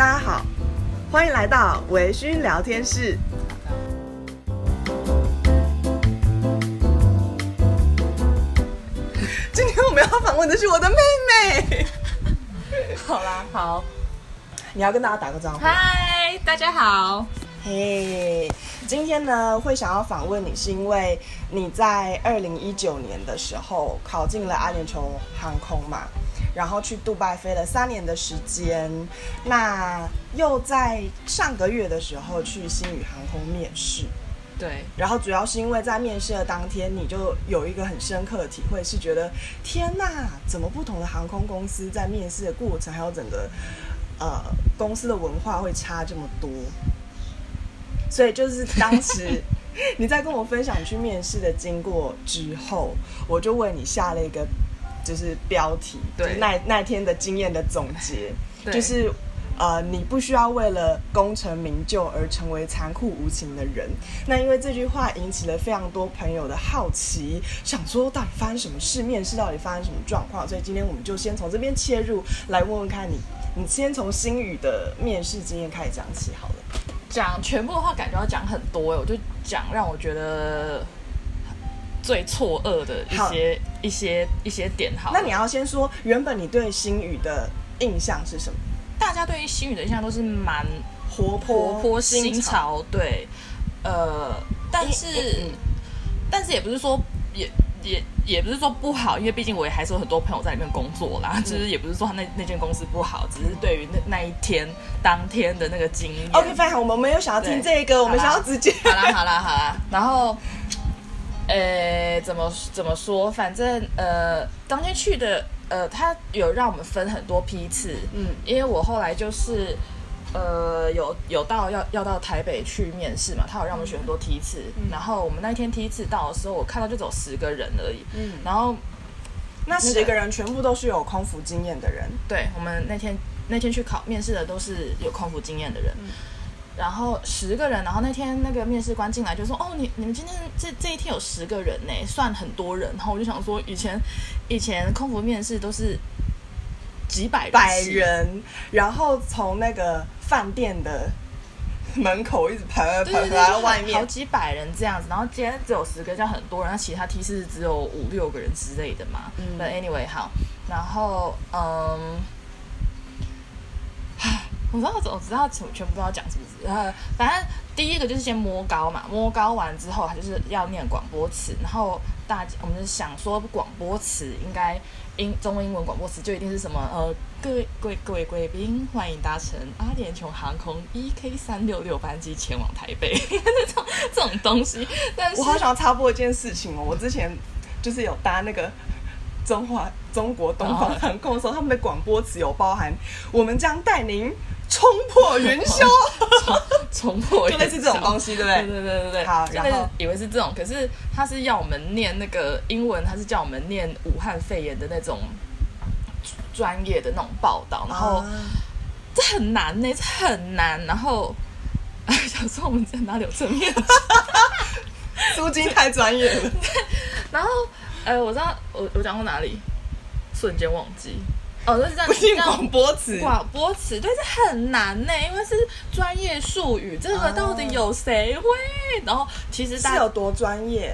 大家好，歡迎來到維勳聊天室。今天我們要訪問的是我的妹妹。好啦，好，你要跟大家打個招呼。嗨，大家好。嘿，hey, 今天呢會想要訪問你，是因為你在二零一九年的時候考進了阿聯酋航空嘛？然後去杜拜飛了三年的時間，那又在上個月的時候去星宇航空面試，對。然後主要是因為在面試的當天，你就有一個很深刻的體會，是覺得天哪，怎麼不同的航空公司，在面試的過程還有整個呃公司的文化會差這麼多？所以就是當時 你在跟我分享你去面試的經過之後，我就為你下了一個。就是標題，對，那那天的經驗的總結，對就是，呃，你不需要為了功成名就而成為殘酷無情的人。那因為這句話引起了非常多朋友的好奇，想說到底發生什麼事，面試到底發生什麼狀況？所以今天我們就先從這邊切入，來問問看你，你先從星宇的面試經驗開始講起好了。講全部的話，感覺要講很多，欸，我就講讓我覺得。最錯愕的一些好一些一些點，好，好。那你要先說，原本你對星宇的印象是什麼？大家對於星宇的印象都是蠻活潑、活潑、新潮，潮對。呃，但是，欸欸嗯、但是也不是說也也也不是說不好，因為畢竟我也還是有很多朋友在裡面工作啦。嗯、就是也不是說那那間公司不好，只是對於那那一天當天的那個經歷。OK，fine，好，我們沒有想要聽對這個，我們想要直接。好啦好啦好啦，然後。誒，怎麼怎麼說？反正呃，當天去的，呃，他有讓我們分很多批次，嗯，因為我後來就是，呃，有有到要要到台北去面試嘛，他有讓我們選很多批次，嗯，然後我們那一天第一次到的時候，我看到就走十個人而已，嗯，然後那十個人全部都是有空服經驗的人，那個，對，我們那天那天去考面試的都是有空服經驗的人。嗯然後十個人，然後那天那個面試官進來就說：“哦，你你們今天這這一天有十個人呢、欸，算很多人。”然後我就想說，以前以前空服面試都是幾百人，百人，然後從那個飯店的門口一直排排排到外面，好幾百人這樣子。然後今天只有十個，這樣很多人，那其他梯是只有五六個人之類的嘛。嗯，Anyway 好，然後嗯。我不知道，我知道，我我知道，全全部都要講是不是？呃，反正第一個就是先摸高嘛，摸高完之後，他就是要念廣播詞，然後大家，我們就想說廣播詞應該英中文英文廣播詞就一定是什麼，呃，各貴各位貴賓，歡迎搭乘阿聯酋航空 EK 三六六班機前往台北， 這種這種東西，但是我好想要插播一件事情哦，我之前就是有搭那個中華中國東方航空的時候，哦，他們的廣播詞有包含我們將帶您。衝破雲霄， 衝破， 就類似這種東西，對不對？對對對對對。好，然後以為是這種，可是他是要我們唸那個英文，他是叫我們念武漢肺炎的那種專業的那種報道，然後，然後這很難呢、欸，這很難。然後，哎，想說，我們在哪裡有正面？租 金太專業了對對。然後，呃，我知道，我我講到哪裡？瞬間忘記。哦，就是這樣，聽樣廣播詞，廣播詞，但是很難呢、欸，因為是專業術語，這個到底有誰會？啊、然後其實他是有多專業，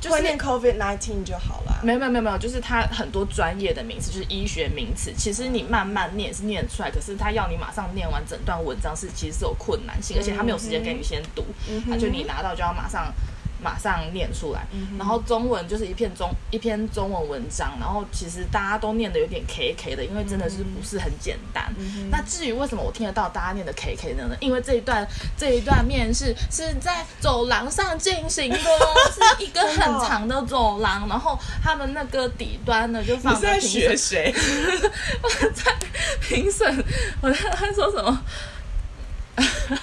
就會、是、念 COVID nineteen 就好了。沒有沒有沒有，就是他很多專業的名詞，就是醫學名詞。其實你慢慢念是念得出來，可是他要你馬上念完整段文章是，是其實是有困難性，而且他沒有時間給你先讀，他、嗯哼啊、就你拿到就要馬上。馬上念出來，嗯、哼然後中文就是一篇中一篇中文文章，然後其實大家都念得有點 K K 的，因為真的是不是很簡單。嗯、哼那至於為什麼我聽得到大家念的 K K 的呢？因為這一段這一段面試是在走廊上進行的、哦， 是一個很長的走廊， 好然後他們那個底端呢就放，就你是在學誰？我 在評審，我在說什麼？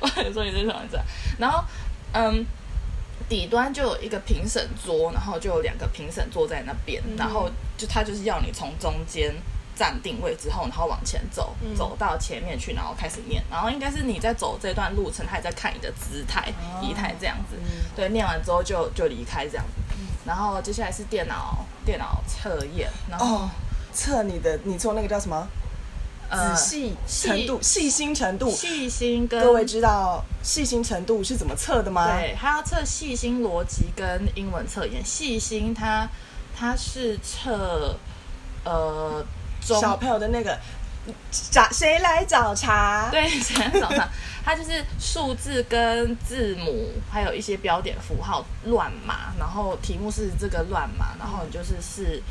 我跟你在說，這最想在，然後。嗯，um, 底端就有一個評審桌，然後就有兩個評審坐在那邊，嗯、然後就他就是要你從中間站定位之後，然後往前走，嗯、走到前面去，然後開始念，然後應該是你在走這段路程，他也在看你的姿態、儀、哦、態這樣子，嗯、對，念完之後就就離開這樣子，嗯、然後接下來是電腦電腦測驗，然後、哦、測你的，你做那個叫什麼？仔細、呃、細程度、細細心程度、細心跟各位知道細心程度是怎麼測的嗎？對，它要測細心邏輯跟英文測驗。細心它它是測呃小朋友的那個找誰來找茬？對，誰來找茬？ 它就是數字跟字母還有一些標點符號亂碼，然後題目是這個亂碼，然後你就是是。嗯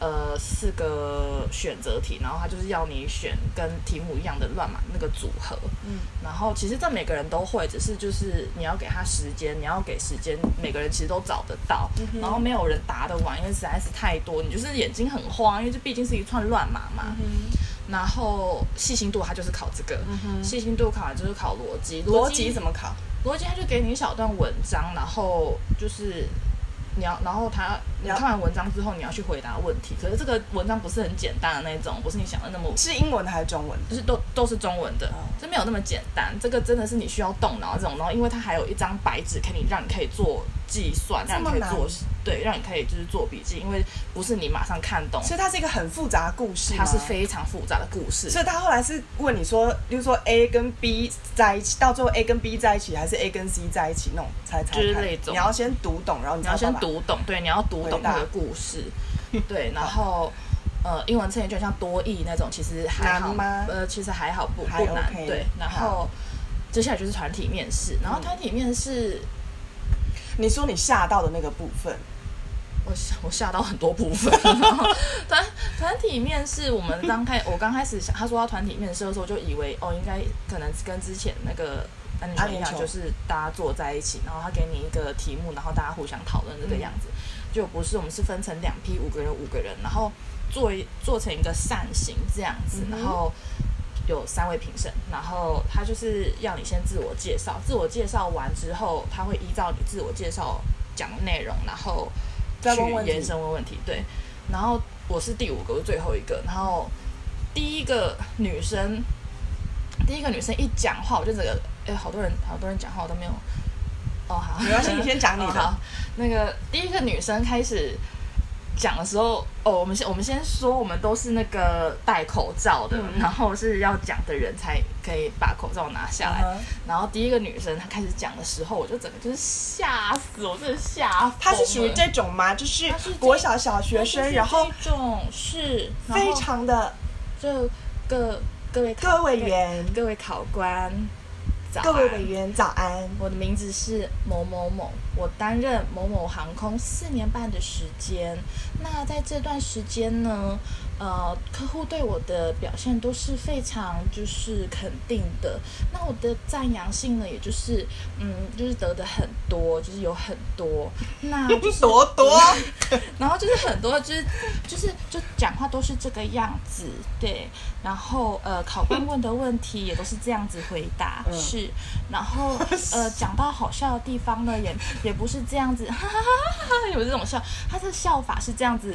呃，四個選擇題，然後他就是要你選跟題目一樣的亂碼那個組合。嗯，然後其實這每個人都會，只是就是你要給他時間，你要給時間，每個人其實都找得到，嗯、哼然後沒有人答得完，因為實在是太多，你就是眼睛很慌，因為這畢竟是一串亂碼嘛。嗯、哼然後細心度，他就是考這個，嗯、哼細心度考就是考邏輯，邏輯，邏輯怎麼考？邏輯他就給你一小段文章，然後就是。你要，然後他，你要看完文章之後，你要去回答問題。可是這個文章不是很簡單的那種，不是你想的那麼。是英文還是中文的？就是都都是中文的，就、oh. 沒有那麼簡單。這個真的是你需要動腦這種，然後因為它還有一張白紙，可以讓你可以做。計算，讓你可以做，對，讓你可以就是做筆記，因為不是你馬上看懂。所以它是一個很複雜的故事，它是非常複雜的故事。所以他後來是問你說，就是說 A 跟 B 在一起，到最後 A 跟 B 在一起，還是 A 跟 C 在一起，猜猜看，就是那種。你要先讀懂，然後你，爸爸你要先讀懂，對，你要讀懂這個故事，對，然後好呃，英文測驗就像多益那種，其實還好，嗎呃，其實還好不不難，還 okay 對。然後好接下來就是團體面試，然後團體面試。嗯你說你嚇到的那個部分，我嚇我嚇到很多部分。團團 體面試，我們剛開我剛開始想，他說要團體面試的時候，就以為哦，應該可能跟之前那個安妮一樣，啊、就是大家坐在一起，然後他給你一個題目，然後大家互相討論這個樣子。嗯、就不是我們是分成兩批，五個人五個人，然後做一，做成一個扇形這樣子，嗯、然後有三位評審，然後他就是要你先自我介紹，自我介紹完之後他會。依照你自我介紹講的內容，然後去延伸問問題。對，然後我是第五個，我是最後一個。然後第一個女生，第一個女生一講話，我就覺得哎，好多人，好多人講話我都沒有。哦，好，沒關係， 你先講你的。哦，那個第一個女生開始。講的時候，哦，我們先我們先說，我們都是那個戴口罩的，嗯、然後是要講的人才可以把口罩拿下來。嗯嗯，然後第一個女生她開始講的時候，我就整個就是嚇死我，我真的嚇。她是屬於這種嗎？就是國小小學生，然後這種是非常的。就各各位各位委員各位考官，各位委員早安，我的名字是某某某，我擔任某某航空四年半的時間，那在這段時間呢？呃，客戶對我的表現都是非常就是肯定的，那我的讚揚性呢，也就是嗯，就是得的很多，就是有很多，那有、就是多多、嗯，然後就是很多，就是就是就講話都是這個樣子，對，然後呃，考官問的問題也都是這樣子回答，嗯、是，然後呃，講到好笑的地方呢也，也也不是這樣子，哈哈哈哈哈，有這種笑，他的笑法是這樣子。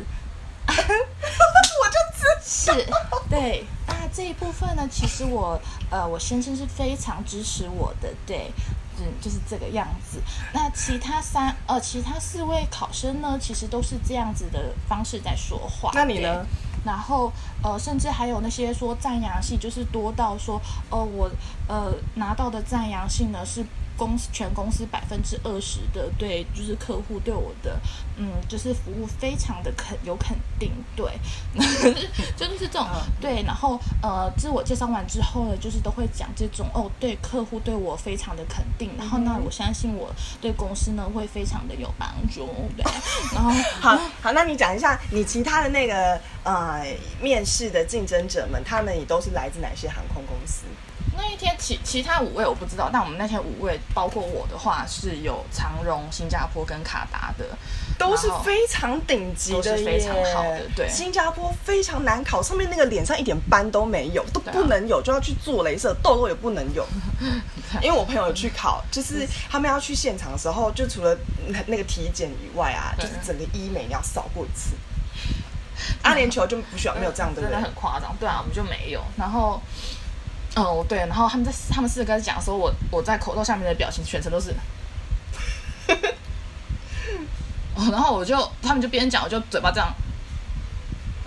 我就支自持對，那這一部分呢，其實我呃，我先生是非常支持我的，對，嗯，就是這個樣子。那其他三呃，其他四位考生呢，其實都是這樣子的方式在說話。那你呢？然後呃，甚至還有那些說讚揚信，就是多到說哦、呃，我呃拿到的讚揚信呢是。公司全公司百分之二十的，對，就是客戶對我的，嗯，就是服務非常的肯有肯定，對， 就是、就是這種、嗯、對。然後呃，自我介紹完之後呢，就是都會講這種哦，對，客戶對我非常的肯定。然後那、嗯、我相信我對公司呢會非常的有幫助。對， 然後，好好，那你講一下你其他的那個呃面試的競爭者們，他們也都是來自哪些航空公司？那一天其其他五位我不知道，但我們那天五位包括我的話是有長榮、新加坡跟卡達的，都是非常頂級的，是非常好的。對，新加坡非常難考，上面那個臉上一點斑都沒有，都不能有，啊、就要去做鐳射，痘痘也不能有。 對因為我朋友去考，就是他們要去現場的時候，就除了那、那個體檢以外啊，嗯、就是整個醫美你要掃過一次。嗯、阿聯酋就不需要，沒有這樣、嗯、的。人吧。真的很誇張，對啊，我們就沒有，然後。嗯，oh，對，然後他們在他們四個在講的時候，我我在口罩下面的表情全程都是， oh，然後我就他們就邊講我就嘴巴這樣。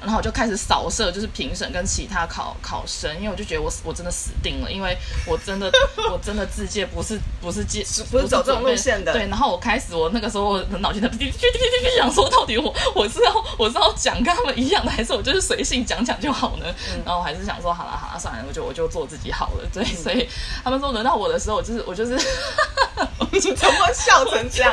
然後我就開始掃射，就是評審跟其他考考生。因為我就覺得我我真的死定了，因為我真的 我真的自薦不是不是，戒是不是借不是走這種路線的。對，然後我開始我那個時候我腦筋的滴滴滴滴想說，到底我我是要我是要講跟他們一樣的，還是我就是隨性講講就好呢？嗯、然後我還是想說，好啦好啦，算了，我就我就做我自己好了。對，嗯、所以他們說輪到我的時候，我就是我就是。 怎麼笑成這樣？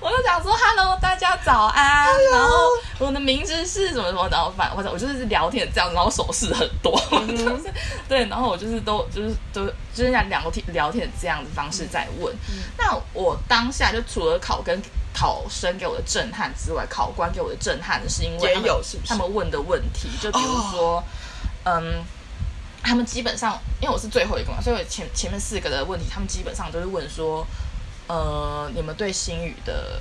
我就想說 “hello，大家早安”，Hello 然後我的名字是什麼什麼，然後反正我就是聊天這樣，然後手勢很多，嗯、 對，然後我就是都就是都就是講聊天聊天這樣的方式在問。嗯嗯、那我當下就除了考跟考生給我的震撼之外，考官給我的震撼是因為他們，是是他們問的問題，就比如說，Oh. 嗯，他們基本上因為我是最後一個嘛，所以我前前面四個的問題，他們基本上都是問說。呃，你們對星宇的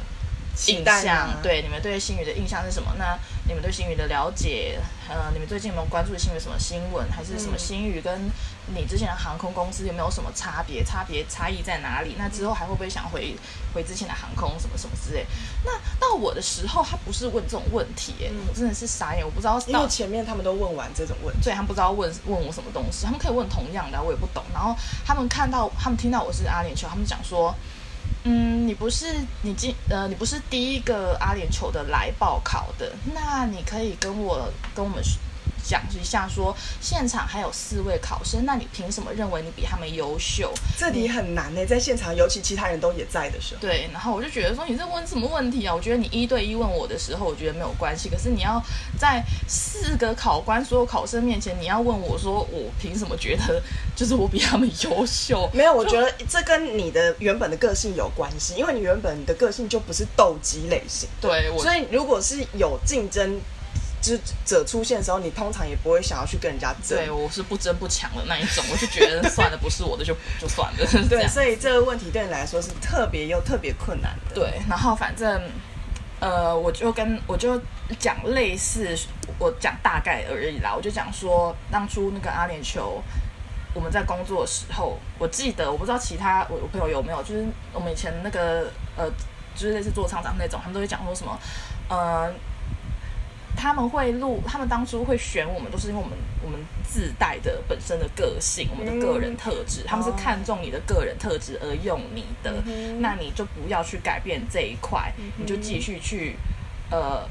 印象？啊、對，你們對星宇的印象是什麼？那你們對星宇的了解？呃，你們最近有沒有關注的星宇什麼新聞？還是什麼星宇跟你之前的航空公司有沒有什麼差別？差別差異在哪裡？那之後還會不會想回回之前的航空什麼什麼之類？那到我的時候，他不是問這種問題、欸，嗯、我真的是傻眼，我不知道到。因為前面他們都問完這種問題，所以他們不知道問問我什麼東西，他們可以問同樣的，我也不懂。然後他們看到，他們聽到我是阿聯酋，他們講說。嗯，你不是你今呃，你不是第一個阿聯酋的來報考的，那你可以跟我跟我們說。講一下，說現場還有四位考生，那你憑什麼認為你比他們優秀？這題很難呢，欸，在現場，尤其其他人都也在的時候。對，然後我就覺得說，你在問什麼問題啊？我覺得你一對一問我的時候，我覺得沒有關係。可是你要在四個考官、所有考生面前，你要問我說，我憑什麼覺得就是我比他們優秀？沒有，我覺得這跟你的原本的個性有關係，因為你原本你的個性就不是鬥雞類型。對，對所以如果是有競爭。就者出現的時候，你通常也不會想要去跟人家爭。對，我是不爭不搶的那一種， 我就覺得算了，不是我的就 就算了就。對，所以這個問題對你來說是特別又特別困難的。對，然後反正，呃，我就跟我就講類似，我講大概而已啦。我就講說，當初那個阿聯酋，我們在工作的時候，我記得我不知道其他我我朋友有沒有，就是我們以前那個呃，就是類似做廠長那種，他們都會講說什麼，呃。他們會錄，他們當初會選我們，都，就是因為我們我們自帶的本身的個性，我們的個人特質，mm hmm. 他們是看重你的個人特質而用你的，mm hmm. 那你就不要去改變這一塊，mm hmm. 你就繼續去，呃。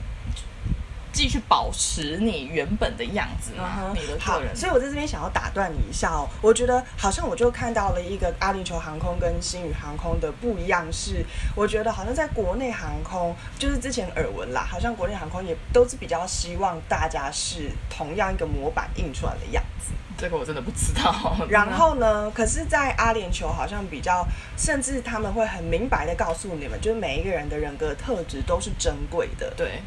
繼續保持你原本的樣子，你的個人。好，所以我在這邊想要打斷你一下哦，我覺得好像我就看到了一個阿聯酋航空跟星宇航空的不一樣是，我覺得好像在國內航空，就是之前耳聞啦，好像國內航空也都是比較希望大家是同樣一個模板印出來的樣子。這個我真的不知道哦。 然後呢？可是，在阿聯酋好像比較，甚至他們會很明白的告訴你們，就是每一個人的人格的特質都是珍貴的。對。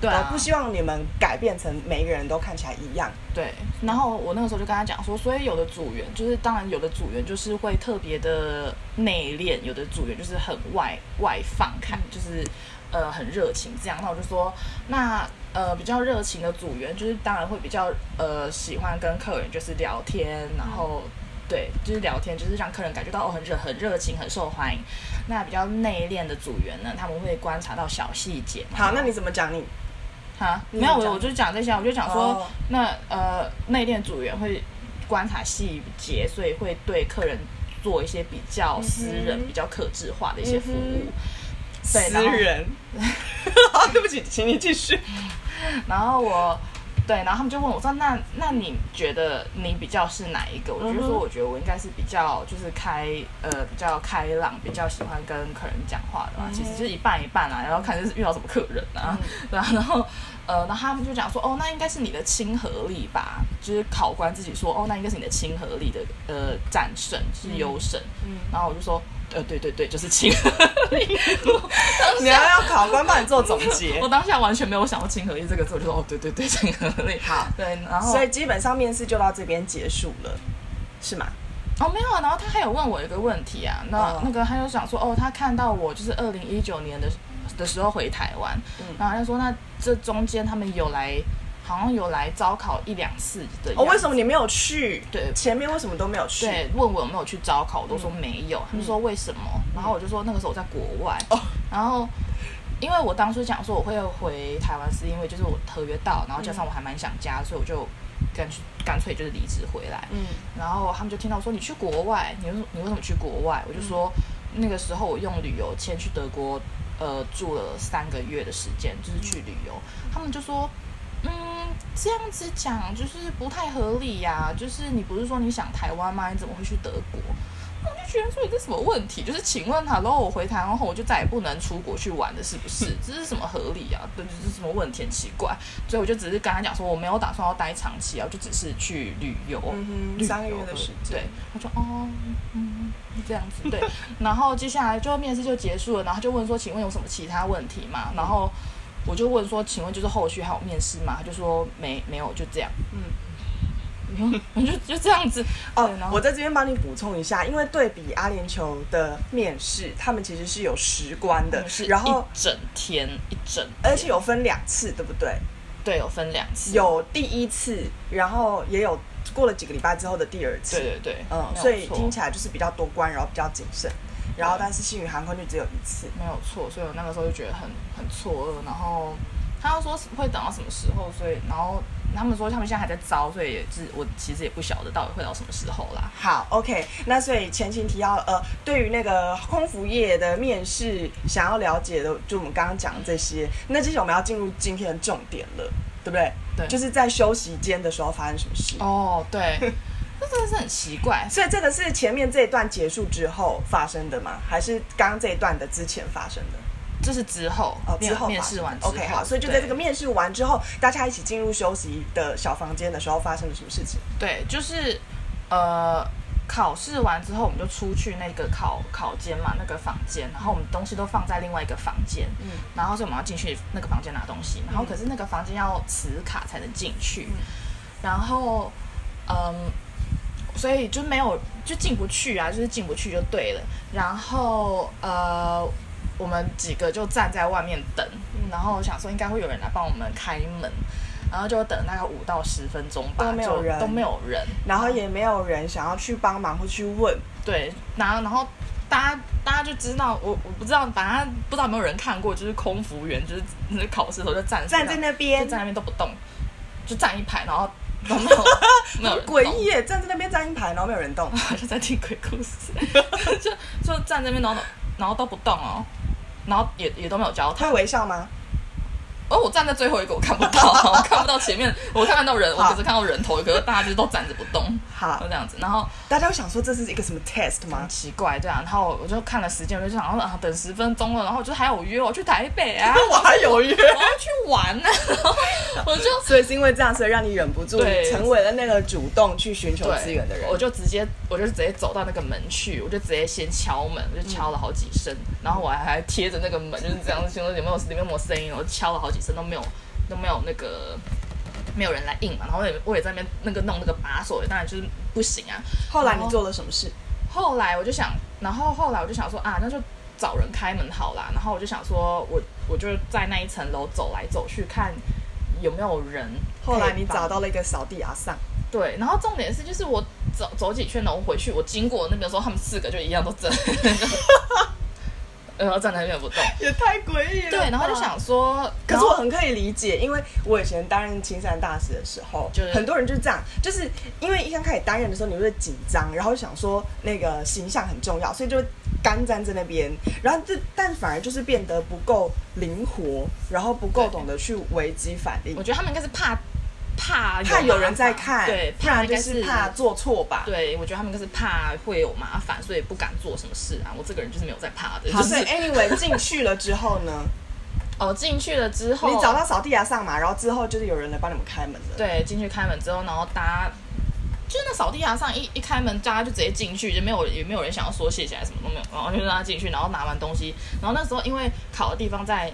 對、我、啊、不希望你們改變成每一個人都看起來一樣。對，然後我那個時候就跟他講說，所以有的組員就是，當然有的組員就是會特別的內斂，有的組員就是很外外放，看就是呃很熱情這樣。那我就說，那呃比較熱情的組員就是當然會比較呃喜歡跟客人就是聊天，然後、嗯、對，就是聊天就是讓客人感覺到哦很熱很熱情很受歡迎。那比較內斂的組員呢，他們會觀察到小細節。好，那你怎麼講你？哈，沒有我，我就講這些，我就講說，oh. 那呃，內店組員會觀察細節，所以會對客人做一些比較私人、mm hmm. 比較客製化的一些服務。Mm hmm. 私人，好、 啊，對不起，請你繼續。 然後我。對，然後他們就問我說：“那那你覺得你比較是哪一個？”我就說：“我覺得我應該是比較就是開呃比較開朗，比較喜歡跟客人講話的吧。嗯”其實就是一半一半啊，然後看就是遇到什麼客人啊，嗯、然後呃，然後他們就講說：“哦，那應該是你的親和力吧？”就是考官自己說：“哦，那應該是你的親和力的呃戰勝是優勝。嗯”然後我就說。呃，對對對，就是親和力。 你要要考官幫你做總結，我當下完全沒有想過親和力這個字，我就說哦，對對對，親和力。好，對，然後所以基本上面試就到這邊結束了，是嗎？哦，沒有啊，然後他還有問我一個問題啊，那那個他有想說，哦，他看到我就是二零一九年的的時候回台灣，嗯，然後他就說那這中間他們有來。好像有來招考一兩次的。我、哦、為什麼你沒有去？對，前面為什麼都沒有去？對問我有沒有去招考，我都說沒有。嗯、他們說為什麼？嗯、然後我就說那個時候我在國外。哦。然後，因為我當初講說我會回台灣，是因為就是我合約到，然後加上我還蠻想家，嗯、所以我就，乾脆乾脆就是離職回來。嗯。然後他們就聽到說你去國外，你你為什麼去國外？嗯、我就說那個時候我用旅遊簽去德國，呃，住了三個月的時間，就是去旅遊。嗯、他們就說。嗯，這樣子講就是不太合理呀，啊。就是你不是說你想台灣嗎？你怎麼會去德國？我就覺得說有個什麼問題，就是請問他。然後我回台灣後我就再也不能出國去玩了，是不是？哼這是什麼合理啊？對，這是什麼問題很奇怪。所以我就只是跟他講說，我沒有打算要待長期啊，我就只是去旅遊，三個月的時間。遊髒了 對，對他說哦，嗯，這樣子對。 然後接下來就面試就結束了，然後他就問說，請問有什麼其他問題嗎？嗯、然後。我就問說，請問就是後續還有面試嗎？他就說，沒，沒有，就這樣，嗯， 就就這樣子哦。Oh, 我在這邊幫你補充一下，因為對比阿聯酋的面試，他們其實是有十關的，是一然後一整天一整天，而且有分兩次，對不對？對，有分兩次，有第一次，然後也有過了幾個禮拜之後的第二次，對,對對，嗯，所以聽起來就是比較多關，然後比較謹慎。然後，但是星宇航空就只有一次，沒有錯，所以我那個時候就覺得很很錯愕。然後，他要說會等到什麼時候，所以，然後他們說他們現在還在招，所以也是我其實也不曉得到底會到什麼時候啦。好，OK，那所以前情提要，呃，對於那個空服業的面試想要了解的，就我們剛剛講的這些。那接下來我們要進入今天的重點了，對不對？對，就是在休息間的時候發生什麼事？哦，oh, 對。 這真的是很奇怪，所以這個是前面這一段結束之後發生的嗎？還是剛剛這一段的之前發生的？這是之後哦，之後面試完之後。OK，好，對所以就在這個面試完之後，大家一起進入休息的小房間的時候，發生了什麼事情？對，就是呃，考試完之後，我們就出去那個考考間嘛，那個房間，然後我們東西都放在另外一個房間，嗯，然後所以我們要進去那個房間拿東西，然後可是那個房間要磁卡才能進去，嗯、然後嗯。所以就沒有就進不去啊，就是進不去就對了。然後呃，我們幾個就站在外面等，然後想說應該會有人來幫我們開門，然後就等那個五到十分鐘吧，都沒有人，都沒有人，然後也沒有人想要去幫忙或去問，對，然後然後大家大家就知道我我不知道，反正不知道有沒有人看過，就是空服員就是考試的時候就站，站在那邊，就站在那邊都不動，就站一排，然後。然後沒有，詭異 耶！站在那邊站一排，然後沒有人動，好像、啊、在聽鬼故事， 就就站在那邊，然後然後都不動哦，然後也也都沒有交談，他會微笑嗎？哦，我站在最後一個，我看不到，我看不到前面，我看不到人，我只是看到人頭，可是大家就都站着不動。好，就這樣子。然後大家想說，這是一個什麼 test 嗎？奇怪，對啊。然後我就看了時間，我就想說啊，等十分鐘了，然後我就還有約，我去台北啊，我還有約，我要去玩呢。我就所以是因為這樣，所以讓你忍不住，對，成為了那個主動去尋求資源的人。我就直接，我就直接走到那個門去，我就直接先敲門，我就敲了好幾聲，然後我還還貼着那個門，就是這樣子，聽說裡面有裡面有聲音，我就敲了好幾。都沒有都沒有那個沒有人來應嘛，然後我也在那邊那個弄那個把手，當然就是不行啊。後來你做了什麼事？後來我就想，然後後來我就想說啊，那就找人開門好啦。然後我就想說，我我就在那一層樓走來走去看有沒有人。後來你找到了一個掃地阿桑，對，然後重點是就是我走走幾圈樓回去我經過那邊的時候，他們四個就一樣都走。 然後站在那邊不動， 也太詭異了。對，然後就想說，想可是我很可以理解，後因為我以前擔任青山大使的時候，就是很多人就這樣，就是因為一剛開始擔任的時候，你會緊張，然後想說那個形象很重要，所以就幹站在那邊。然後這但反而就是變得不夠靈活，然後不夠懂得去危機反應。我覺得他們應該是怕。怕有怕有人在看，對，怕應，應該是怕做錯吧。對，我覺得他們就是怕會有麻煩，所以不敢做什麼事啊。我這個人就是沒有在怕的。的就是 anyway 進、欸、去了之後呢？ 哦，進去了之後，你找到掃地牙上嘛，然後之後就是有人來幫你們開門的。對，進去開門之後，然後搭，就是那掃地牙上一一開門搭，大家就直接進去，就沒有也沒有人想要說謝謝什麼都沒有，然後就讓他進去，然後拿完東西，然後那時候因為考的地方在。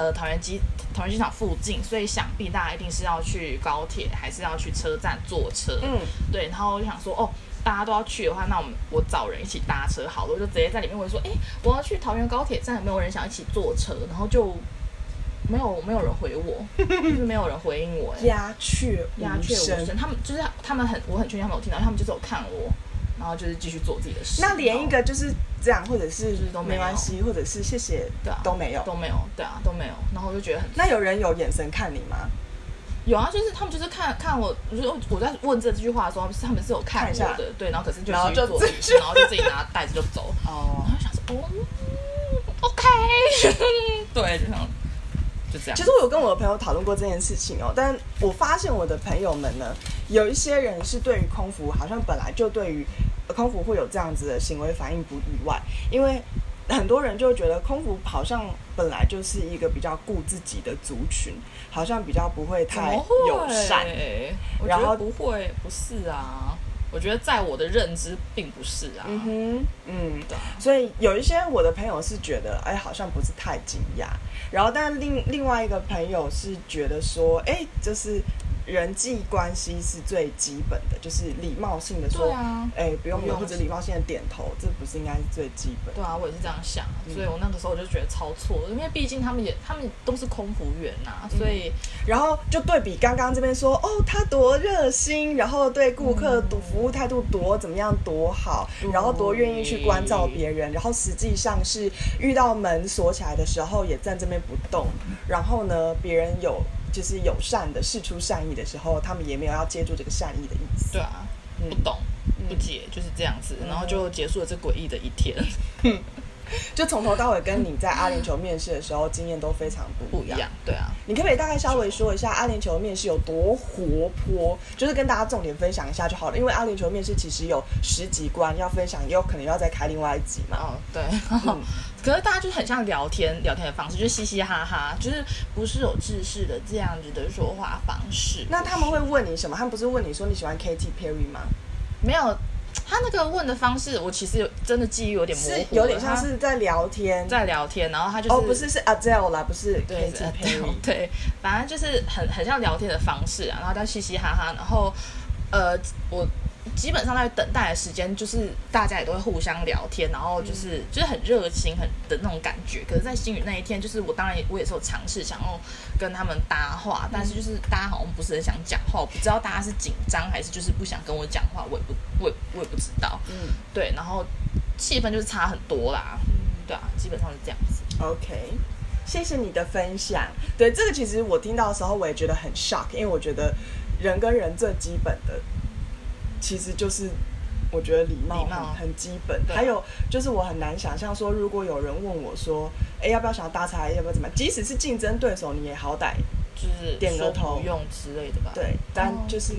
呃，桃園機桃園機場附近，所以想必大家一定是要去高鐵，還是要去車站坐車。嗯，對，然後我就想說，哦，大家都要去的話，那我們我找人一起搭車好了，我就直接在裡面我就說，哎、欸，我要去桃園高鐵站，有沒有人想一起坐車？然後就沒有沒有人回我，就是沒有人回應我、欸，鴉雀 無聲。無他們就是他們很，我很確定他們有聽到，他們就是有看我。然後就是繼續做自己的事。那連一個就是這樣，或者是，就是，都沒關係，或者是謝謝，對啊，都沒有，對啊，都沒有，對啊，都沒有。然後我就覺得很……那有人有眼神看你嗎？有啊，就是他們就是看看我，如果我在問這句話的時候他，他們是有看我的，對。然後可是就自己，然後就自己拿袋子就走。哦。 然後想說，哦，OK， 對，就這樣，就這樣。其實我有跟我的朋友討論過這件事情哦，但我發現我的朋友們呢，有一些人是對於空服好像本來就對於。空服會有這樣子的行為反應不意外，因為很多人就覺得空服好像本來就是一個比較顧自己的族群，好像比較不會太友善。我覺得然後不會，不是啊。我覺得在我的認知並不是啊。嗯哼，嗯，所以有一些我的朋友是覺得，哎，好像不是太驚訝。然後，但另另外一個朋友是覺得說，哎，就是。人際關係是最基本的，就是禮貌性的說，哎、啊欸，不用，不用，或者禮貌性的點頭，這不是應該是最基本的？對啊，我也是這樣想，嗯、所以我那個時候我就覺得超錯，因為畢竟他們也，他們都是空服員吶、啊，嗯、所以，然後就對比剛剛這邊說，哦，他多熱心，然後對顧客多服務態度多、嗯、怎麼樣多好，然後多願意去關照別人，對然後實際上是遇到門鎖起來的時候也站這邊不動，然後呢，別人有。就是友善的，釋出善意的時候，他們也沒有要接住這個善意的意思。對啊，不懂，嗯、不解，就是這樣子，然後就結束了這詭異的一天。 就從頭到尾跟你在阿聯酋面試的時候 經驗都非常不一樣不一樣。對啊，你可不可以大概稍微說一下就阿聯酋面試有多活潑，就是跟大家重點分享一下就好了。因為阿聯酋面試其實有十幾關，要分享也有可能要再開另外一集嘛。哦、對。嗯可是大家就很像聊天，聊天的方式就是嘻嘻哈哈，就是不是有制式的這樣子的說話方式。那他們會問你什麼？他們不是問你說你喜歡 Katy Perry 嗎？沒有，他那個問的方式，我其實有真的記憶有點模糊，是有點像是在聊天，在聊天。然後他就是哦，oh, 不是是 Adele 啦，不是 Katy 對，Perry 對，反正就是很很像聊天的方式啊，然後在嘻嘻哈哈，然後呃我。基本上在等待的時間，就是大家也都會互相聊天，然後就是、嗯、就是很熱情很的那種感覺。可是，在星宇那一天，就是我當然我也是有嘗試想要跟他們搭話，嗯、但是就是大家好像不是很想講話，不知道大家是緊張還是就是不想跟我講話，我也不我也我也不知道。嗯，對，然後氣氛就是差很多啦。嗯，對啊，基本上是這樣子。OK，謝謝你的分享。對，這個其實我聽到的時候我也覺得很 shock，因為我覺得人跟人最基本的。其實就是，我覺得禮貌很禮貌、啊、很基本。對還有就是，我很難想象說，如果有人問我說，哎，要不要想要搭車，要不要怎麼？即使是競爭對手，你也好歹就是點個頭不用之類的吧。對，但就是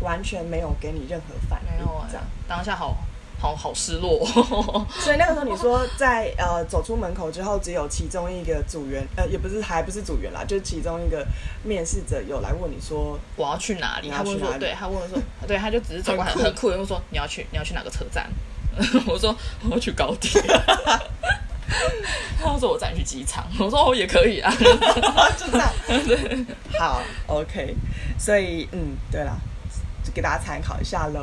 完全沒有給你任何反應，沒有啊這樣。當、啊、下好。好好失落，哦，所以那個時候你說在呃走出門口之後，只有其中一個組員呃也不是還不是組員啦，就是其中一個面試者有來問你說我要去哪裡？他問我對，他問說，對，他說對，他就只是走過很很呵酷，酷的說，你要去你要去哪個車站？嗯、我說我要去高鐵。 他說我載你去機場，我說哦也可以啊。就這樣。好 OK，所以嗯，對了，給大家參考一下嘍。